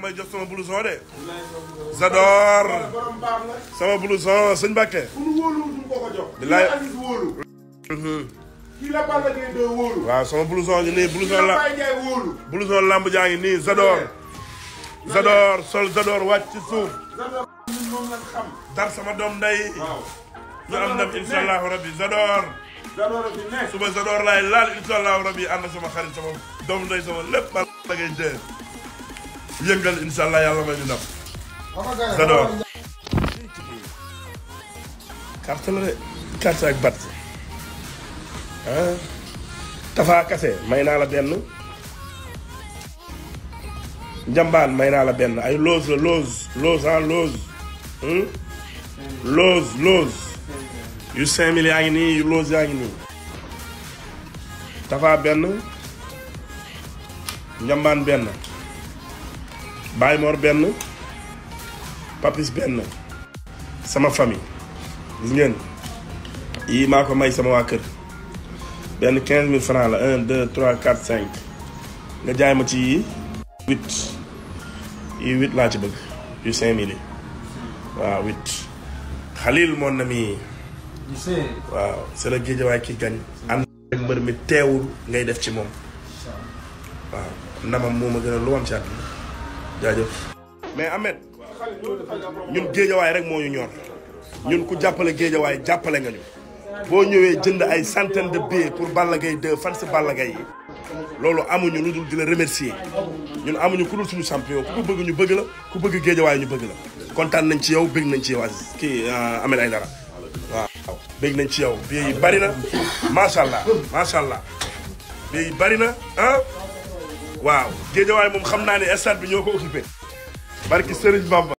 ngi may jox sama blouson de. Zador. sama blouson sëñ mhm. ngi nii blouson lamb jaa ngi nii Zador. Zador sol Zador wàcc ci suuf. dar sama doom nday. ñu am ndam incha allahu rabbi Zador. suba Zador laay laal incha rabbi ànd sama xarit sama doom nday sama lépp Balla Gaye yëngal incha allah yàlla may ñu ndam. Zador. carte la de carte ak bat ah Tafa Kase may naa la benn Njambaan may naa la benn ay loos la loos loos ah loos. Hmm? loos loos. yu 5000 yaa ngi nii yu loos yaa ngi nii. Tafa benn Njambaan benn. Baye Mor benn Papis benn sama famille gis ngeen yii maa ko may sama waa kër benn quinze mille francs la un deux trois quatre cinq nga jaay ma ci yii huit yii huit laa ci bëgg yu cinq mille yi waaw Khalil moon na mi waaw c'est le Guédiawaye ki gañ ànd ak mbër mi teewul ngay def ci moom waaw ndamam moo ma gën a lu am ci àdduna jaajëf. mais Ahmed ñun géejawaay rek moo ñu ñor ñun ku jàppale géejawaay jàppale nga ñu boo ñëwee jënd ay centaine de billets pour Balla Gaye fan si Balla Gaye yi loolu amuñu lu dul di la remercier ñun amuñu ku dul suñu champion ku ko bëgg ñu bëgg la ku bëgg géejawaay ñu bëgg la kontaan nañ ci yow bëgg nañ ci yow kii euh, Ahmed Aïdara waaw bëgg nañ ci yow billets bari na macha allah macha allah bari na ah. waaw géejawaay moom xam naa ne stade bi ñoo ko occupé barki Serigne Bamba